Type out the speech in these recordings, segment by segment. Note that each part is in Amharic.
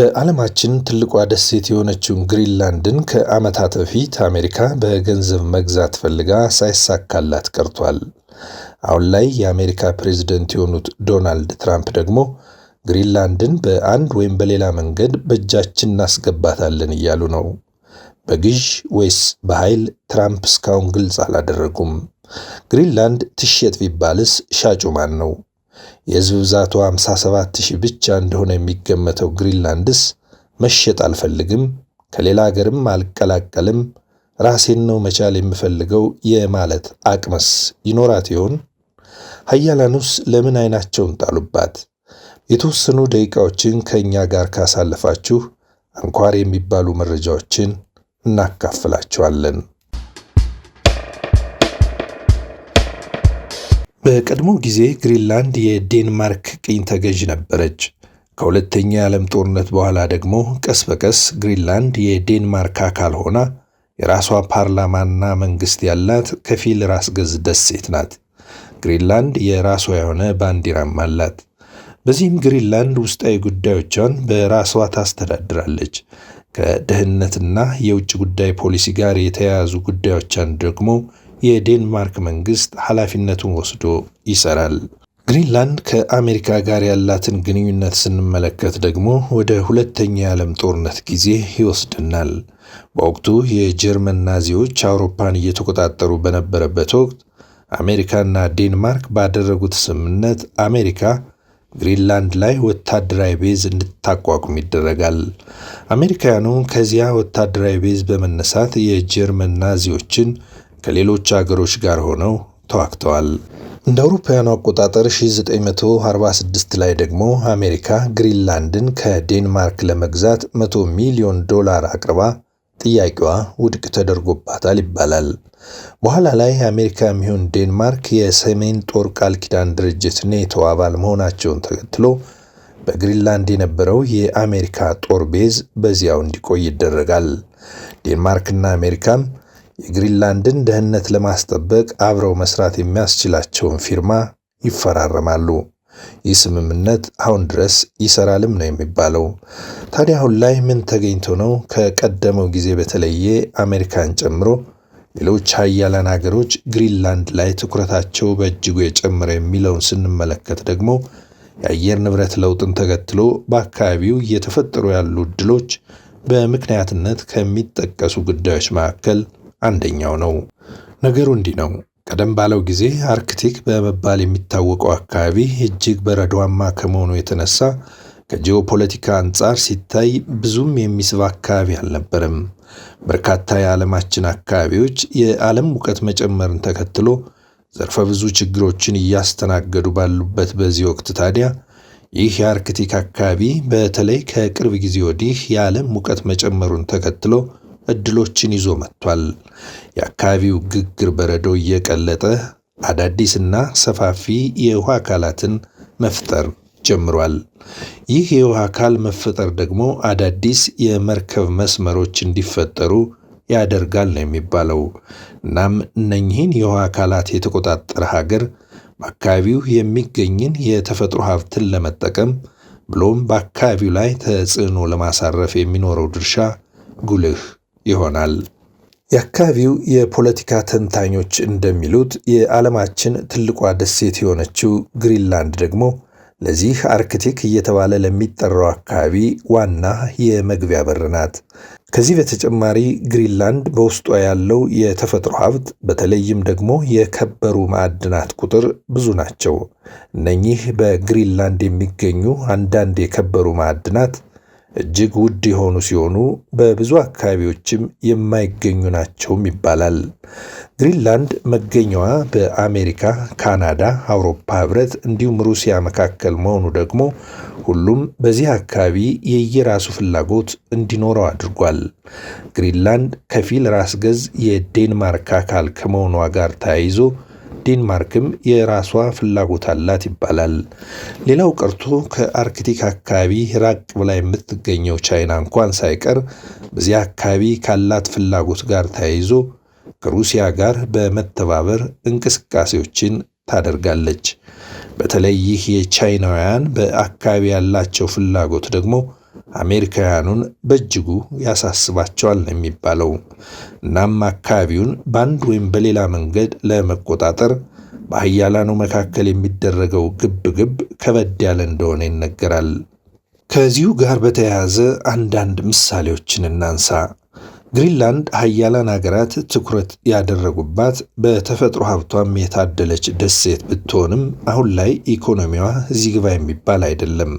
በዓለማችን ትልቋ ደሴት የሆነችውን ግሪንላንድን ከዓመታት በፊት አሜሪካ በገንዘብ መግዛት ፈልጋ ሳይሳካላት ቀርቷል። አሁን ላይ የአሜሪካ ፕሬዝደንት የሆኑት ዶናልድ ትራምፕ ደግሞ ግሪንላንድን በአንድ ወይም በሌላ መንገድ በእጃችን እናስገባታለን እያሉ ነው። በግዥ ወይስ በኃይል? ትራምፕ እስካሁን ግልጽ አላደረጉም። ግሪንላንድ ትሸጥ ቢባልስ ሻጩ ማን ነው? የህዝብ ብዛቱ 57,000 ብቻ እንደሆነ የሚገመተው ግሪንላንድስ መሸጥ አልፈልግም፣ ከሌላ ሀገርም አልቀላቀልም፣ ራሴን ነው መቻል የምፈልገው የማለት አቅምስ ይኖራት ይሆን? ሀያላኑስ ለምን አይናቸውን ጣሉባት? የተወሰኑ ደቂቃዎችን ከእኛ ጋር ካሳለፋችሁ አንኳር የሚባሉ መረጃዎችን እናካፍላችኋለን። በቀድሞ ጊዜ ግሪንላንድ የዴንማርክ ቅኝ ተገዥ ነበረች። ከሁለተኛ የዓለም ጦርነት በኋላ ደግሞ ቀስ በቀስ ግሪንላንድ የዴንማርክ አካል ሆና የራሷ ፓርላማና መንግስት ያላት ከፊል ራስ ገዝ ደሴት ናት። ግሪንላንድ የራሷ የሆነ ባንዲራም አላት። በዚህም ግሪንላንድ ውስጣዊ ጉዳዮቿን በራሷ ታስተዳድራለች። ከደህንነትና የውጭ ጉዳይ ፖሊሲ ጋር የተያያዙ ጉዳዮቿን ደግሞ የዴንማርክ መንግስት ኃላፊነቱን ወስዶ ይሰራል። ግሪንላንድ ከአሜሪካ ጋር ያላትን ግንኙነት ስንመለከት ደግሞ ወደ ሁለተኛ የዓለም ጦርነት ጊዜ ይወስድናል። በወቅቱ የጀርመን ናዚዎች አውሮፓን እየተቆጣጠሩ በነበረበት ወቅት አሜሪካና ዴንማርክ ባደረጉት ስምምነት አሜሪካ ግሪንላንድ ላይ ወታደራዊ ቤዝ እንድታቋቁም ይደረጋል። አሜሪካውያኑ ከዚያ ወታደራዊ ቤዝ በመነሳት የጀርመን ናዚዎችን ከሌሎች አገሮች ጋር ሆነው ተዋግተዋል። እንደ አውሮፓውያኑ አቆጣጠር 1946 ላይ ደግሞ አሜሪካ ግሪንላንድን ከዴንማርክ ለመግዛት 100 ሚሊዮን ዶላር አቅርባ ጥያቄዋ ውድቅ ተደርጎባታል ይባላል። በኋላ ላይ አሜሪካ የሚሆን ዴንማርክ የሰሜን ጦር ቃል ኪዳን ድርጅት ኔቶ አባል መሆናቸውን ተከትሎ በግሪንላንድ የነበረው የአሜሪካ ጦር ቤዝ በዚያው እንዲቆይ ይደረጋል። ዴንማርክና አሜሪካም የግሪንላንድን ደህንነት ለማስጠበቅ አብረው መስራት የሚያስችላቸውን ፊርማ ይፈራረማሉ። ይህ ስምምነት አሁን ድረስ ይሰራልም ነው የሚባለው። ታዲያ አሁን ላይ ምን ተገኝቶ ነው ከቀደመው ጊዜ በተለየ አሜሪካን ጨምሮ ሌሎች ሀያላን ሀገሮች ግሪንላንድ ላይ ትኩረታቸው በእጅጉ የጨመረ የሚለውን ስንመለከት ደግሞ የአየር ንብረት ለውጥን ተከትሎ በአካባቢው እየተፈጠሩ ያሉ እድሎች በምክንያትነት ከሚጠቀሱ ጉዳዮች መካከል አንደኛው ነው። ነገሩ እንዲህ ነው። ቀደም ባለው ጊዜ አርክቲክ በመባል የሚታወቀው አካባቢ እጅግ በረዷማ ከመሆኑ የተነሳ ከጂኦፖለቲካ አንጻር ሲታይ ብዙም የሚስብ አካባቢ አልነበረም። በርካታ የዓለማችን አካባቢዎች የዓለም ሙቀት መጨመርን ተከትሎ ዘርፈ ብዙ ችግሮችን እያስተናገዱ ባሉበት በዚህ ወቅት ታዲያ ይህ የአርክቲክ አካባቢ በተለይ ከቅርብ ጊዜ ወዲህ የዓለም ሙቀት መጨመሩን ተከትሎ እድሎችን ይዞ መጥቷል። የአካባቢው ግግር በረዶ እየቀለጠ አዳዲስና ሰፋፊ የውሃ አካላትን መፍጠር ጀምሯል። ይህ የውሃ አካል መፈጠር ደግሞ አዳዲስ የመርከብ መስመሮች እንዲፈጠሩ ያደርጋል ነው የሚባለው። እናም እነኚህን የውሃ አካላት የተቆጣጠረ ሀገር በአካባቢው የሚገኝን የተፈጥሮ ሀብትን ለመጠቀም ብሎም በአካባቢው ላይ ተጽዕኖ ለማሳረፍ የሚኖረው ድርሻ ጉልህ ይሆናል። የአካባቢው የፖለቲካ ተንታኞች እንደሚሉት የዓለማችን ትልቋ ደሴት የሆነችው ግሪንላንድ ደግሞ ለዚህ አርክቲክ እየተባለ ለሚጠራው አካባቢ ዋና የመግቢያ በር ናት። ከዚህ በተጨማሪ ግሪንላንድ በውስጧ ያለው የተፈጥሮ ሀብት በተለይም ደግሞ የከበሩ ማዕድናት ቁጥር ብዙ ናቸው። እነኚህ በግሪንላንድ የሚገኙ አንዳንድ የከበሩ ማዕድናት እጅግ ውድ የሆኑ ሲሆኑ በብዙ አካባቢዎችም የማይገኙ ናቸውም ይባላል። ግሪንላንድ መገኛዋ በአሜሪካ፣ ካናዳ፣ አውሮፓ ህብረት እንዲሁም ሩሲያ መካከል መሆኑ ደግሞ ሁሉም በዚህ አካባቢ የየራሱ ፍላጎት እንዲኖረው አድርጓል። ግሪንላንድ ከፊል ራስ ገዝ የዴንማርክ አካል ከመሆኗ ጋር ተያይዞ ዴንማርክም የራሷ ፍላጎት አላት ይባላል። ሌላው ቀርቶ ከአርክቲክ አካባቢ ራቅ ብላ የምትገኘው ቻይና እንኳን ሳይቀር በዚያ አካባቢ ካላት ፍላጎት ጋር ተያይዞ ከሩሲያ ጋር በመተባበር እንቅስቃሴዎችን ታደርጋለች። በተለይ ይህ የቻይናውያን በአካባቢ ያላቸው ፍላጎት ደግሞ አሜሪካውያኑን በእጅጉ ያሳስባቸዋል ነው የሚባለው። እናም አካባቢውን በአንድ ወይም በሌላ መንገድ ለመቆጣጠር በሀያላኑ መካከል የሚደረገው ግብ ግብ ከበድ ያለ እንደሆነ ይነገራል። ከዚሁ ጋር በተያያዘ አንዳንድ ምሳሌዎችን እናንሳ። ግሪንላንድ ሀያላን ሀገራት ትኩረት ያደረጉባት በተፈጥሮ ሀብቷም የታደለች ደሴት ብትሆንም አሁን ላይ ኢኮኖሚዋ እዚህ ግባ የሚባል አይደለም።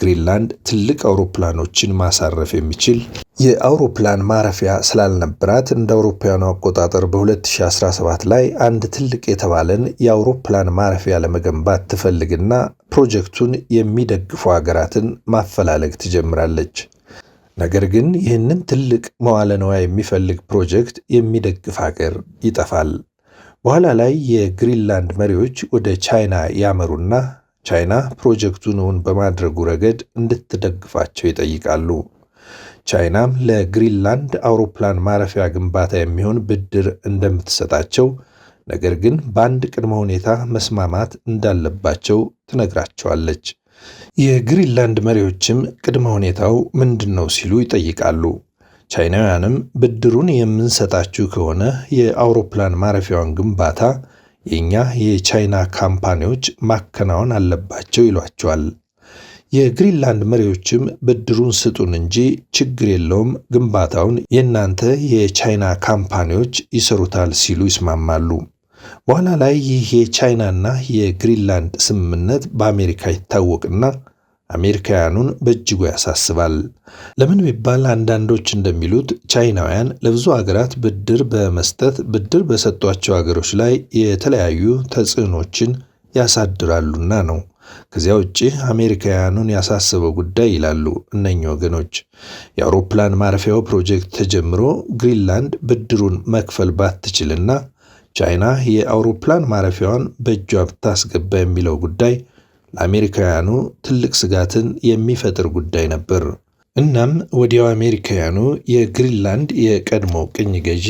ግሪንላንድ ትልቅ አውሮፕላኖችን ማሳረፍ የሚችል የአውሮፕላን ማረፊያ ስላልነበራት እንደ አውሮፓውያኑ አቆጣጠር በ2017 ላይ አንድ ትልቅ የተባለን የአውሮፕላን ማረፊያ ለመገንባት ትፈልግና ፕሮጀክቱን የሚደግፉ ሀገራትን ማፈላለግ ትጀምራለች። ነገር ግን ይህንን ትልቅ መዋለ ንዋይ የሚፈልግ ፕሮጀክት የሚደግፍ ሀገር ይጠፋል። በኋላ ላይ የግሪንላንድ መሪዎች ወደ ቻይና ያመሩና ቻይና ፕሮጀክቱን እውን በማድረጉ ረገድ እንድትደግፋቸው ይጠይቃሉ። ቻይናም ለግሪንላንድ አውሮፕላን ማረፊያ ግንባታ የሚሆን ብድር እንደምትሰጣቸው፣ ነገር ግን በአንድ ቅድመ ሁኔታ መስማማት እንዳለባቸው ትነግራቸዋለች። የግሪንላንድ መሪዎችም ቅድመ ሁኔታው ምንድን ነው ሲሉ ይጠይቃሉ። ቻይናውያንም ብድሩን የምንሰጣችሁ ከሆነ የአውሮፕላን ማረፊያውን ግንባታ የእኛ የቻይና ካምፓኒዎች ማከናወን አለባቸው ይሏቸዋል። የግሪንላንድ መሪዎችም ብድሩን ስጡን እንጂ ችግር የለውም፣ ግንባታውን የእናንተ የቻይና ካምፓኒዎች ይሰሩታል ሲሉ ይስማማሉ። በኋላ ላይ ይህ የቻይናና የግሪንላንድ ስምምነት በአሜሪካ ይታወቅና አሜሪካውያኑን በእጅጉ ያሳስባል። ለምን ቢባል አንዳንዶች እንደሚሉት ቻይናውያን ለብዙ አገራት ብድር በመስጠት ብድር በሰጧቸው አገሮች ላይ የተለያዩ ተጽዕኖችን ያሳድራሉና ነው። ከዚያ ውጭ አሜሪካውያኑን ያሳሰበው ጉዳይ ይላሉ እነኚህ ወገኖች፣ የአውሮፕላን ማረፊያው ፕሮጀክት ተጀምሮ ግሪንላንድ ብድሩን መክፈል ባትችልና ቻይና የአውሮፕላን ማረፊያዋን በእጇ ብታስገባ የሚለው ጉዳይ ለአሜሪካውያኑ ትልቅ ስጋትን የሚፈጥር ጉዳይ ነበር። እናም ወዲያው አሜሪካውያኑ የግሪንላንድ የቀድሞ ቅኝ ገዢ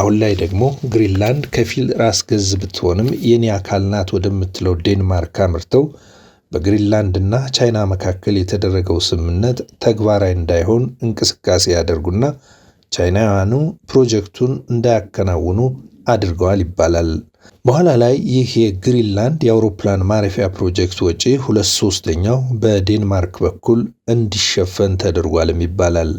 አሁን ላይ ደግሞ ግሪንላንድ ከፊል ራስ ገዝ ብትሆንም የኔ አካል ናት ወደምትለው ዴንማርክ አምርተው በግሪንላንድና ቻይና መካከል የተደረገው ስምምነት ተግባራዊ እንዳይሆን እንቅስቃሴ ያደርጉና ቻይናውያኑ ፕሮጀክቱን እንዳያከናውኑ አድርገዋል ይባላል። በኋላ ላይ ይህ የግሪንላንድ የአውሮፕላን ማረፊያ ፕሮጀክት ወጪ ሁለት ሶስተኛው በዴንማርክ በኩል እንዲሸፈን ተደርጓልም ይባላል።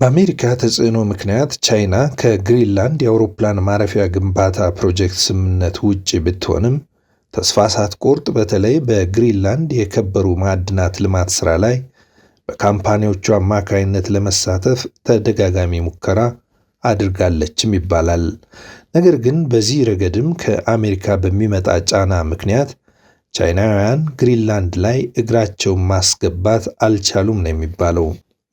በአሜሪካ ተጽዕኖ ምክንያት ቻይና ከግሪንላንድ የአውሮፕላን ማረፊያ ግንባታ ፕሮጀክት ስምምነት ውጭ ብትሆንም ተስፋ ሳትቆርጥ በተለይ በግሪንላንድ የከበሩ ማዕድናት ልማት ሥራ ላይ በካምፓኒዎቹ አማካይነት ለመሳተፍ ተደጋጋሚ ሙከራ አድርጋለችም ይባላል። ነገር ግን በዚህ ረገድም ከአሜሪካ በሚመጣ ጫና ምክንያት ቻይናውያን ግሪንላንድ ላይ እግራቸውን ማስገባት አልቻሉም ነው የሚባለው።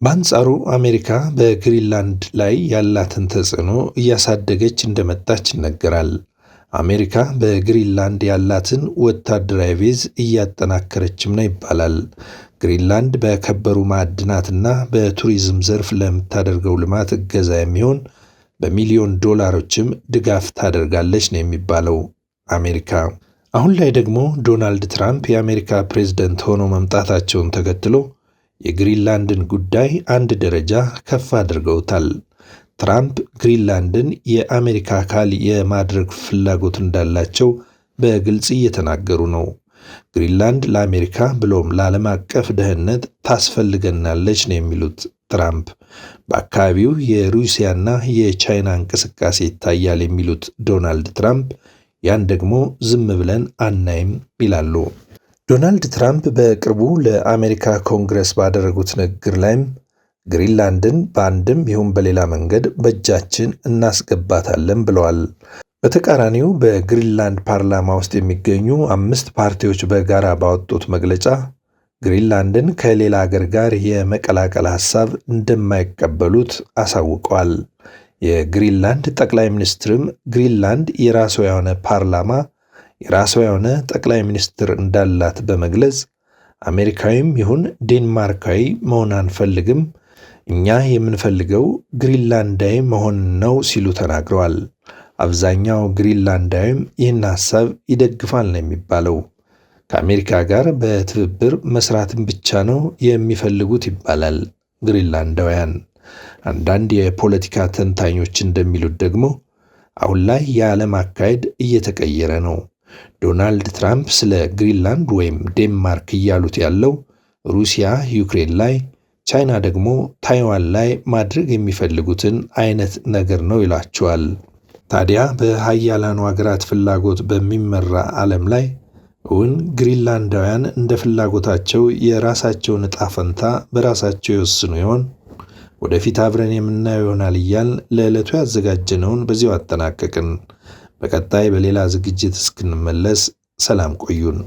በአንጻሩ አሜሪካ በግሪንላንድ ላይ ያላትን ተጽዕኖ እያሳደገች እንደመጣች ይነገራል። አሜሪካ በግሪንላንድ ያላትን ወታደራዊ ቤዝ እያጠናከረችም ነው ይባላል። ግሪንላንድ በከበሩ ማዕድናትና በቱሪዝም ዘርፍ ለምታደርገው ልማት እገዛ የሚሆን በሚሊዮን ዶላሮችም ድጋፍ ታደርጋለች ነው የሚባለው አሜሪካ። አሁን ላይ ደግሞ ዶናልድ ትራምፕ የአሜሪካ ፕሬዝደንት ሆኖ መምጣታቸውን ተከትሎ የግሪንላንድን ጉዳይ አንድ ደረጃ ከፍ አድርገውታል። ትራምፕ ግሪንላንድን የአሜሪካ አካል የማድረግ ፍላጎት እንዳላቸው በግልጽ እየተናገሩ ነው። ግሪንላንድ ለአሜሪካ ብሎም ለዓለም አቀፍ ደህንነት ታስፈልገናለች ነው የሚሉት ትራምፕ በአካባቢው የሩሲያና የቻይና እንቅስቃሴ ይታያል የሚሉት ዶናልድ ትራምፕ ያን ደግሞ ዝም ብለን አናይም ይላሉ። ዶናልድ ትራምፕ በቅርቡ ለአሜሪካ ኮንግረስ ባደረጉት ንግግር ላይም ግሪንላንድን በአንድም ይሁን በሌላ መንገድ በእጃችን እናስገባታለን ብለዋል። በተቃራኒው በግሪንላንድ ፓርላማ ውስጥ የሚገኙ አምስት ፓርቲዎች በጋራ ባወጡት መግለጫ ግሪንላንድን ከሌላ አገር ጋር የመቀላቀል ሐሳብ እንደማይቀበሉት አሳውቀዋል። የግሪንላንድ ጠቅላይ ሚኒስትርም ግሪንላንድ የራሷ የሆነ ፓርላማ፣ የራሷ የሆነ ጠቅላይ ሚኒስትር እንዳላት በመግለጽ አሜሪካዊም ይሁን ዴንማርካዊ መሆን አንፈልግም፣ እኛ የምንፈልገው ግሪንላንዳዊ መሆን ነው ሲሉ ተናግረዋል። አብዛኛው ግሪንላንዳዊም ይህን ሐሳብ ይደግፋል ነው የሚባለው። ከአሜሪካ ጋር በትብብር መስራትን ብቻ ነው የሚፈልጉት ይባላል። ግሪንላንዳውያን አንዳንድ የፖለቲካ ተንታኞች እንደሚሉት ደግሞ አሁን ላይ የዓለም አካሄድ እየተቀየረ ነው። ዶናልድ ትራምፕ ስለ ግሪንላንድ ወይም ዴንማርክ እያሉት ያለው ሩሲያ ዩክሬን ላይ፣ ቻይና ደግሞ ታይዋን ላይ ማድረግ የሚፈልጉትን አይነት ነገር ነው ይላቸዋል። ታዲያ በሀያላኑ ሀገራት ፍላጎት በሚመራ ዓለም ላይ እውን ግሪንላንዳውያን እንደ ፍላጎታቸው የራሳቸውን ዕጣ ፈንታ በራሳቸው ይወስኑ ይሆን? ወደፊት አብረን የምናየው ይሆናል እያል ለዕለቱ ያዘጋጀነውን በዚሁ አጠናቀቅን። በቀጣይ በሌላ ዝግጅት እስክንመለስ ሰላም ቆዩን።